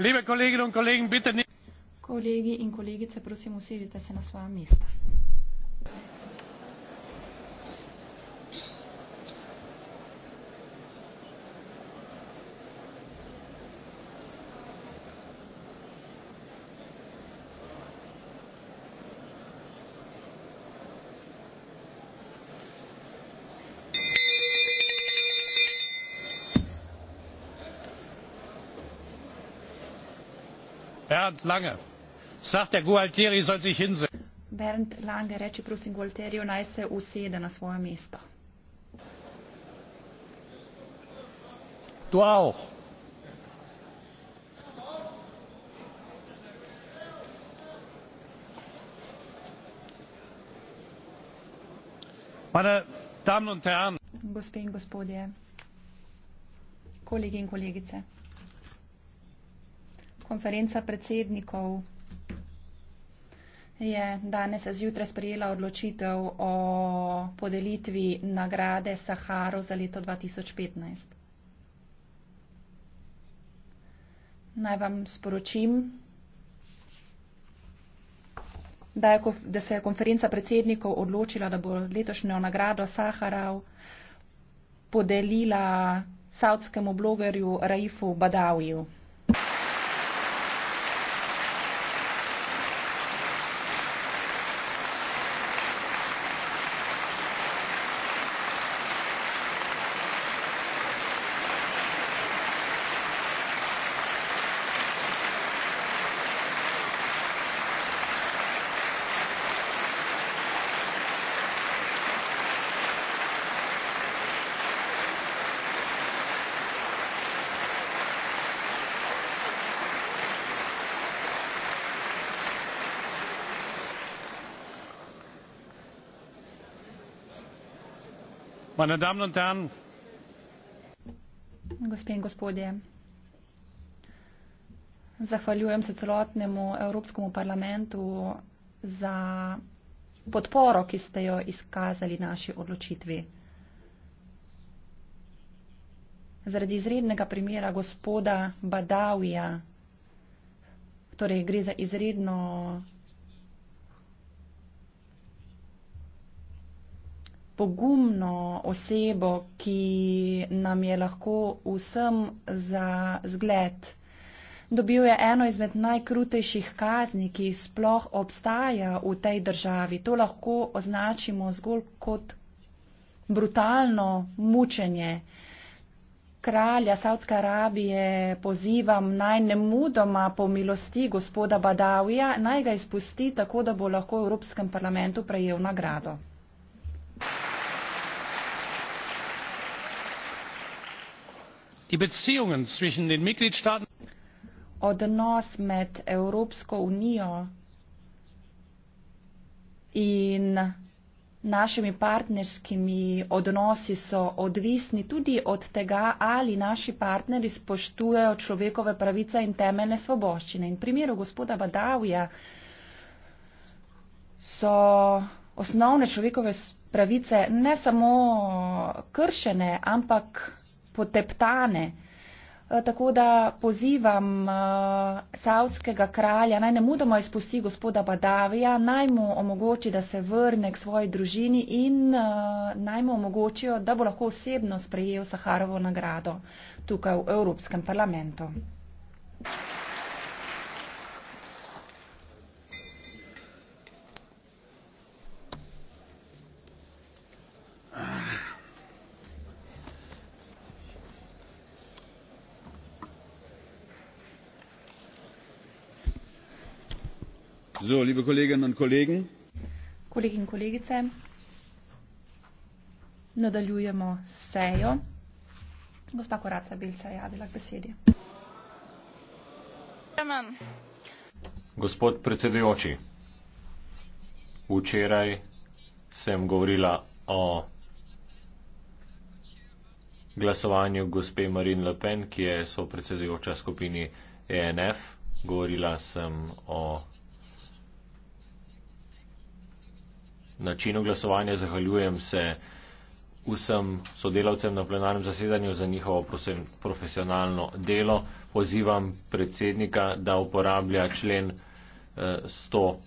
liebe kolleginnen und kollegen bitte nehmen sie ihre plätze ein. bernd lange sagt der gualtieri soll sich hinsetzen. bernd lange reče prosim gualtieriju naj se usede na svoje mesto. du auch. meine damen und herren gospe in gospodje kolegi in kolegice konferenca predsednikov je danes zjutraj sprejela odločitev o podelitvi nagrade Saharu za leto 2015. Naj vam sporočim, da, je, da se je konferenca predsednikov odločila, da bo letošnjo nagrado Saharov podelila savdskemu blogerju Raifu Badawiju. meine Damen und Herren, gospe in gospodje, zahvaljujem se celotnemu Evropskemu parlamentu za podporo, ki ste jo izkazali naši odločitvi. Zaradi izrednega primera gospoda Badavija, torej gre za izredno pogumno osebo, ki nam je lahko vsem za zgled. Dobil je eno izmed najkrutejših kazni, ki sploh obstaja v tej državi. To lahko označimo zgolj kot brutalno mučenje. Kralja Saudske Arabije pozivam naj ne mudoma pomilosti gospoda Badavija, naj ga izpusti tako, da bo lahko v Evropskem parlamentu prejel nagrado. die Beziehungen zwischen den Mitgliedstaaten odnos med Evropsko unijo in našimi partnerskimi odnosi so odvisni tudi od tega, ali naši partneri spoštujejo človekove pravice in temeljne svoboščine. In primeru gospoda Badavja so osnovne človekove pravice ne samo kršene, ampak poteptane. E, tako da pozivam e, savskega kralja, naj ne mudoma izpusti gospoda Badavija, naj mu omogoči, da se vrne k svoji družini in e, naj mu omogočijo, da bo lahko osebno sprejel Saharovo nagrado tukaj v Evropskem parlamentu. So, liebe Kolleginnen und Kollegen. Kolleginnen und Kollegen. Nadaljujemo sejo. Gospa Koraca Bilca je javila k besedi. Gospod predsedujoči, včeraj sem govorila o glasovanju gospe Marine Le Pen, ki je so predsedujoča skupini ENF. Govorila sem o načinu glasovanja zahvaljujem se vsem sodelavcem na plenarnem zasedanju za njihovo profesionalno delo. Pozivam predsednika, da uporablja člen 166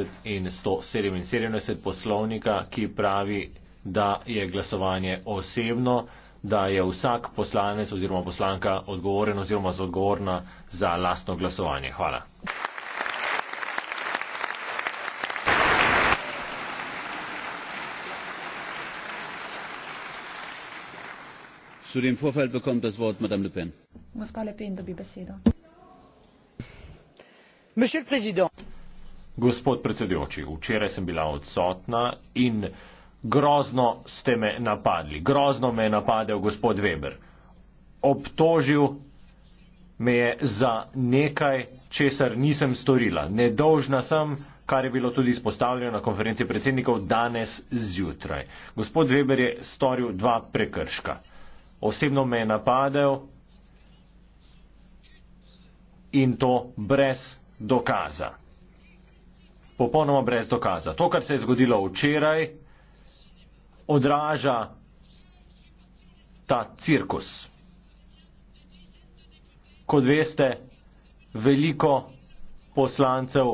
eh, in 177 poslovnika, ki pravi, da je glasovanje osebno, da je vsak poslanec oziroma poslanka odgovoren oziroma zodgovorna za lastno glasovanje. Hvala. Zu dem Vorfall bekommt das Wort Madame Le Pen. Gospod Le Pen dobi besedo. Gospod predsedujoči, včeraj sem bila odsotna in grozno ste me napadli. Grozno me je napadel gospod Weber. Obtožil me je za nekaj, česar nisem storila. Nedolžna sem, kar je bilo tudi izpostavljeno na konferenci predsednikov danes zjutraj. Gospod Weber je storil dva prekrška osebno me je napadel in to brez dokaza. Popolnoma brez dokaza. To, kar se je zgodilo včeraj, odraža ta cirkus. Kot veste, veliko poslancev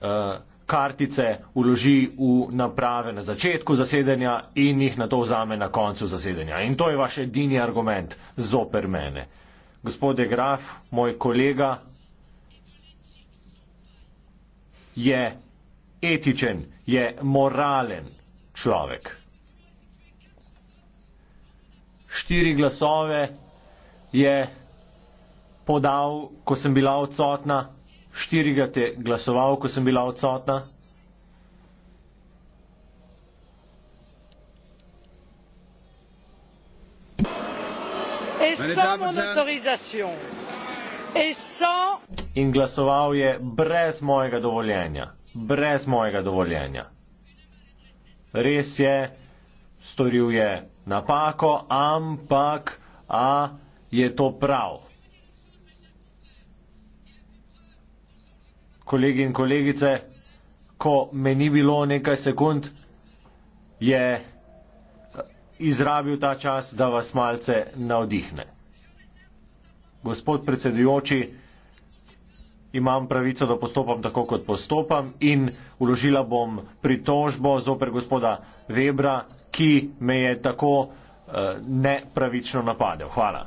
eh, kartice uloži v naprave na začetku zasedanja in jih na to vzame na koncu zasedanja. In to je vaš edini argument zoper mene. Gospode Graf, moj kolega je etičen, je moralen človek. Štiri glasove je podal, ko sem bila odsotna štirikrat je glasoval, ko sem bila odsotna. In glasoval je brez mojega dovoljenja, brez mojega dovoljenja. Res je, storil je napako, ampak a je to prav. kolegi in kolegice, ko me ni bilo nekaj sekund, je eh, izrabil ta čas, da vas malce navdihne. Gospod predsedujoči, imam pravico, da postopam tako, kot postopam in uložila bom pritožbo zoper gospoda Webra, ki me je tako eh, nepravično napadel. Hvala.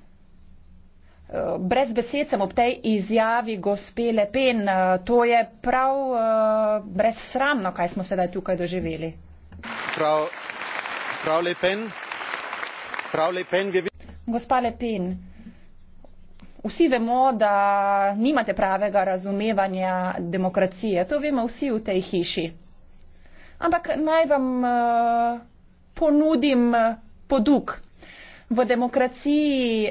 Brez besed sem ob tej izjavi gospe Lepen, eh, to je prav eh, brezsramno, kaj smo sedaj tukaj doživeli. Prav, prav Lepen, prav Lepen je videti. Gospa Lepen, vsi vemo, da nimate pravega razumevanja demokracije, to vemo vsi v tej hiši. Ampak naj vam eh, ponudim poduk. V demokraciji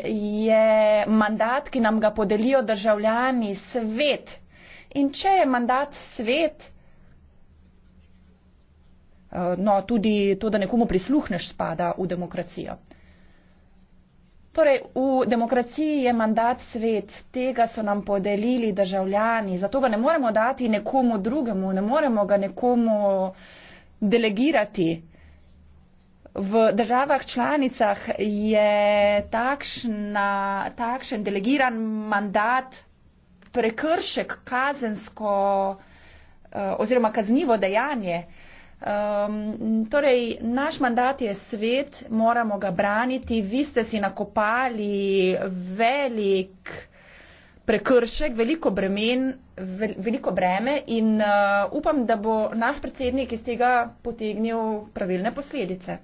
je mandat, ki nam ga podelijo državljani, svet. In če je mandat svet, eh, no tudi to, da nekomu prisluhneš, spada v demokracijo. Torej, v demokraciji je mandat svet, tega so nam podelili državljani, zato ga ne moremo dati nekomu drugemu, ne moremo ga nekomu delegirati. V državah članicah je takšna, takšen delegiran mandat prekršek kazensko eh, oziroma kaznivo dejanje. Um, torej, naš mandat je svet, moramo ga braniti. Vi ste si nakopali velik prekršek, veliko bremen, vel, veliko breme in uh, upam, da bo naš predsednik iz tega potegnil pravilne posledice.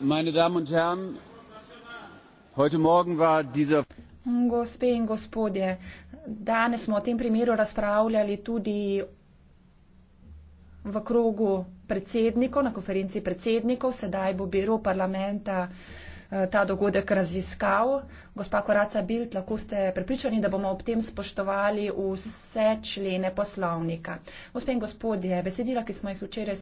meine Damen und Herren, heute Morgen war dieser. Gospe in gospodje, danes smo o tem primeru razpravljali tudi v krogu predsednikov, na konferenci predsednikov, sedaj bo biro parlamenta eh, ta dogodek raziskal. Gospa Koraca Bilt, lahko ste prepričani, da bomo ob tem spoštovali vse člene poslovnika. Gospe in gospodje, besedila, ki smo jih včeraj.